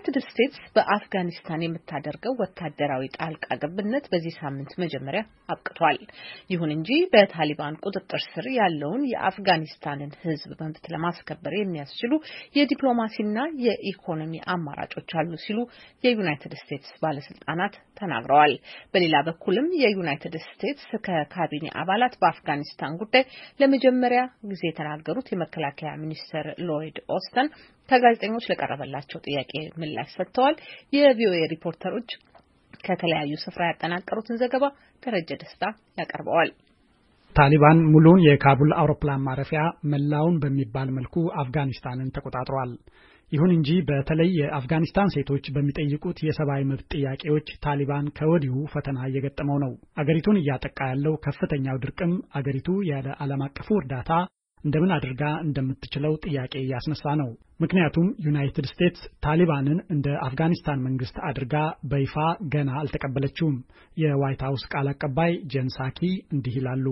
ዩናይትድ ስቴትስ በአፍጋኒስታን የምታደርገው ወታደራዊ ጣልቃ ገብነት በዚህ ሳምንት መጀመሪያ አብቅቷል። ይሁን እንጂ በታሊባን ቁጥጥር ስር ያለውን የአፍጋኒስታንን ሕዝብ መብት ለማስከበር የሚያስችሉ የዲፕሎማሲና የኢኮኖሚ አማራጮች አሉ ሲሉ የዩናይትድ ስቴትስ ባለስልጣናት ተናግረዋል። በሌላ በኩልም የዩናይትድ ስቴትስ ከካቢኔ አባላት በአፍጋኒስታን ጉዳይ ለመጀመሪያ ጊዜ የተናገሩት የመከላከያ ሚኒስትር ሎይድ ኦስተን ከጋዜጠኞች ለቀረበላቸው ጥያቄ ምላሽ ሰጥተዋል። የቪኦኤ ሪፖርተሮች ከተለያዩ ስፍራ ያጠናቀሩትን ዘገባ ደረጀ ደስታ ያቀርበዋል። ታሊባን ሙሉውን የካቡል አውሮፕላን ማረፊያ መላውን በሚባል መልኩ አፍጋኒስታንን ተቆጣጥሯል። ይሁን እንጂ በተለይ የአፍጋኒስታን ሴቶች በሚጠይቁት የሰብአዊ መብት ጥያቄዎች ታሊባን ከወዲሁ ፈተና እየገጠመው ነው። አገሪቱን እያጠቃ ያለው ከፍተኛው ድርቅም አገሪቱ ያለ ዓለም አቀፉ እርዳታ እንደምን አድርጋ እንደምትችለው ጥያቄ እያስነሳ ነው። ምክንያቱም ዩናይትድ ስቴትስ ታሊባንን እንደ አፍጋኒስታን መንግስት አድርጋ በይፋ ገና አልተቀበለችውም። የዋይት ሀውስ ቃል አቀባይ ጄን ሳኪ እንዲህ ይላሉ።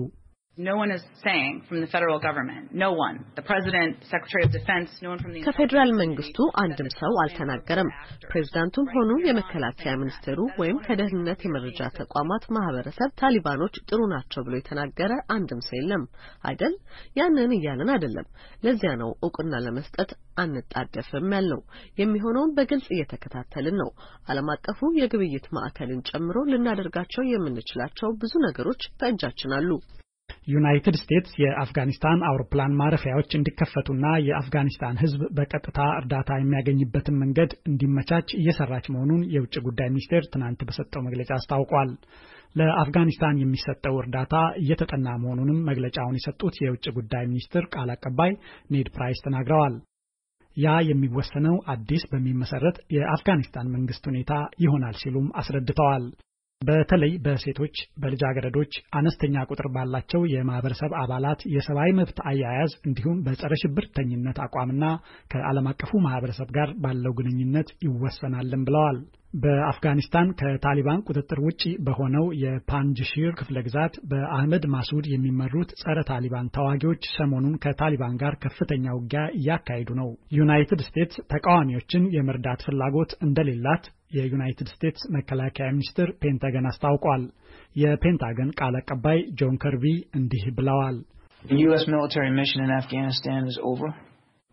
ከፌዴራል መንግስቱ አንድም ሰው አልተናገረም። ፕሬዚዳንቱም ሆኑ የመከላከያ ሚኒስቴሩ ወይም ከደህንነት የመረጃ ተቋማት ማህበረሰብ ታሊባኖች ጥሩ ናቸው ብሎ የተናገረ አንድም ሰው የለም አይደል? ያንን እያለን አይደለም። ለዚያ ነው እውቅና ለመስጠት አንጣደፍም ያልነው። የሚሆነውን በግልጽ እየተከታተልን ነው። ዓለም አቀፉ የግብይት ማዕከልን ጨምሮ ልናደርጋቸው የምንችላቸው ብዙ ነገሮች በእጃችን አሉ። ዩናይትድ ስቴትስ የአፍጋኒስታን አውሮፕላን ማረፊያዎች እንዲከፈቱና የአፍጋኒስታን ሕዝብ በቀጥታ እርዳታ የሚያገኝበትን መንገድ እንዲመቻች እየሰራች መሆኑን የውጭ ጉዳይ ሚኒስቴር ትናንት በሰጠው መግለጫ አስታውቋል። ለአፍጋኒስታን የሚሰጠው እርዳታ እየተጠና መሆኑንም መግለጫውን የሰጡት የውጭ ጉዳይ ሚኒስትር ቃል አቀባይ ኔድ ፕራይስ ተናግረዋል። ያ የሚወሰነው አዲስ በሚመሰረት የአፍጋኒስታን መንግስት ሁኔታ ይሆናል ሲሉም አስረድተዋል። በተለይ በሴቶች በልጃገረዶች፣ አነስተኛ ቁጥር ባላቸው የማህበረሰብ አባላት የሰብአዊ መብት አያያዝ እንዲሁም በጸረ ሽብርተኝነት አቋምና ከዓለም አቀፉ ማህበረሰብ ጋር ባለው ግንኙነት ይወሰናልን ብለዋል። በአፍጋኒስታን ከታሊባን ቁጥጥር ውጭ በሆነው የፓንጅሺር ክፍለ ግዛት በአህመድ ማሱድ የሚመሩት ጸረ ታሊባን ተዋጊዎች ሰሞኑን ከታሊባን ጋር ከፍተኛ ውጊያ እያካሄዱ ነው። ዩናይትድ ስቴትስ ተቃዋሚዎችን የመርዳት ፍላጎት እንደሌላት የዩናይትድ ስቴትስ መከላከያ ሚኒስትር ፔንታገን አስታውቋል። የፔንታገን ቃል አቀባይ ጆን ከርቢ እንዲህ ብለዋል።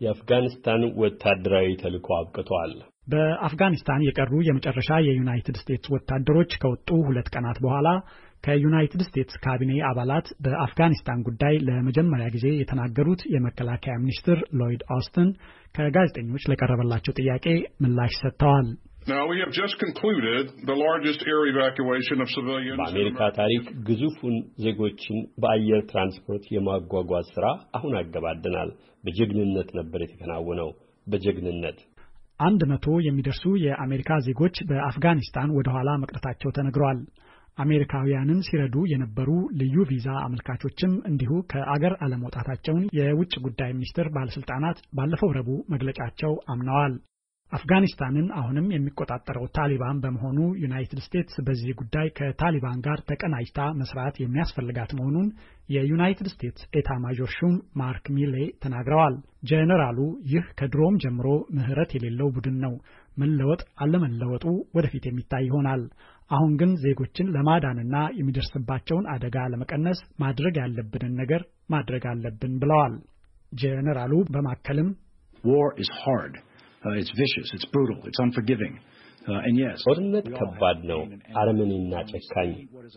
የአፍጋኒስታን ወታደራዊ ተልዕኮ አብቅቷል። በአፍጋኒስታን የቀሩ የመጨረሻ የዩናይትድ ስቴትስ ወታደሮች ከወጡ ሁለት ቀናት በኋላ ከዩናይትድ ስቴትስ ካቢኔ አባላት በአፍጋኒስታን ጉዳይ ለመጀመሪያ ጊዜ የተናገሩት የመከላከያ ሚኒስትር ሎይድ ኦስትን ከጋዜጠኞች ለቀረበላቸው ጥያቄ ምላሽ ሰጥተዋል። በአሜሪካ ታሪክ ግዙፉን ዜጎችን በአየር ትራንስፖርት የማጓጓዝ ስራ አሁን አገባደናል። በጀግንነት ነበር የተከናወነው። በጀግንነት አንድ መቶ የሚደርሱ የአሜሪካ ዜጎች በአፍጋኒስታን ወደ ኋላ መቅረታቸው ተነግሯል። አሜሪካውያንን ሲረዱ የነበሩ ልዩ ቪዛ አመልካቾችም እንዲሁ ከአገር አለመውጣታቸውን የውጭ ጉዳይ ሚኒስትር ባለስልጣናት ባለፈው ረቡዕ መግለጫቸው አምነዋል። አፍጋኒስታንን አሁንም የሚቆጣጠረው ታሊባን በመሆኑ ዩናይትድ ስቴትስ በዚህ ጉዳይ ከታሊባን ጋር ተቀናጅታ መስራት የሚያስፈልጋት መሆኑን የዩናይትድ ስቴትስ ኤታ ማዦር ሹም ማርክ ሚሌ ተናግረዋል። ጄኔራሉ ይህ ከድሮም ጀምሮ ምህረት የሌለው ቡድን ነው። መለወጥ አለመለወጡ ወደፊት የሚታይ ይሆናል። አሁን ግን ዜጎችን ለማዳንና የሚደርስባቸውን አደጋ ለመቀነስ ማድረግ ያለብንን ነገር ማድረግ አለብን ብለዋል። ጄኔራሉ በማከልም war Uh, uh, ጦርነት ከባድ ነው፣ አረመኔና ጨካኝ፣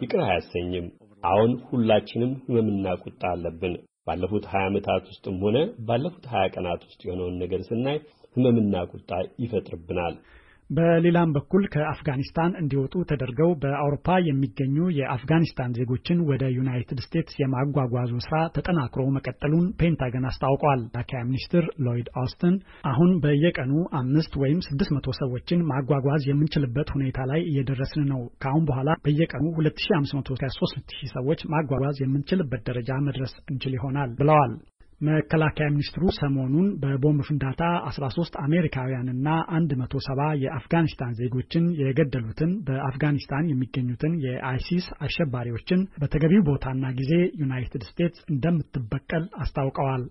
ይቅር አያሰኝም። አሁን ሁላችንም ህመምና ቁጣ አለብን። ባለፉት ሀያ ዓመታት ውስጥም ሆነ ባለፉት ሀያ ቀናት ውስጥ የሆነውን ነገር ስናይ ህመምና ቁጣ ይፈጥርብናል። በሌላም በኩል ከአፍጋኒስታን እንዲወጡ ተደርገው በአውሮፓ የሚገኙ የአፍጋኒስታን ዜጎችን ወደ ዩናይትድ ስቴትስ የማጓጓዙ ስራ ተጠናክሮ መቀጠሉን ፔንታገን አስታውቋል። መከላከያ ሚኒስትር ሎይድ ኦስትን አሁን በየቀኑ አምስት ወይም ስድስት መቶ ሰዎችን ማጓጓዝ የምንችልበት ሁኔታ ላይ እየደረስን ነው። ከአሁን በኋላ በየቀኑ ሁለት ሺ አምስት መቶ ከሶስት ሺህ ሰዎች ማጓጓዝ የምንችልበት ደረጃ መድረስ እንችል ይሆናል ብለዋል። መከላከያ ሚኒስትሩ ሰሞኑን በቦምብ ፍንዳታ 13 አሜሪካውያንና 170 የአፍጋኒስታን ዜጎችን የገደሉትን በአፍጋኒስታን የሚገኙትን የአይሲስ አሸባሪዎችን በተገቢው ቦታና ጊዜ ዩናይትድ ስቴትስ እንደምትበቀል አስታውቀዋል።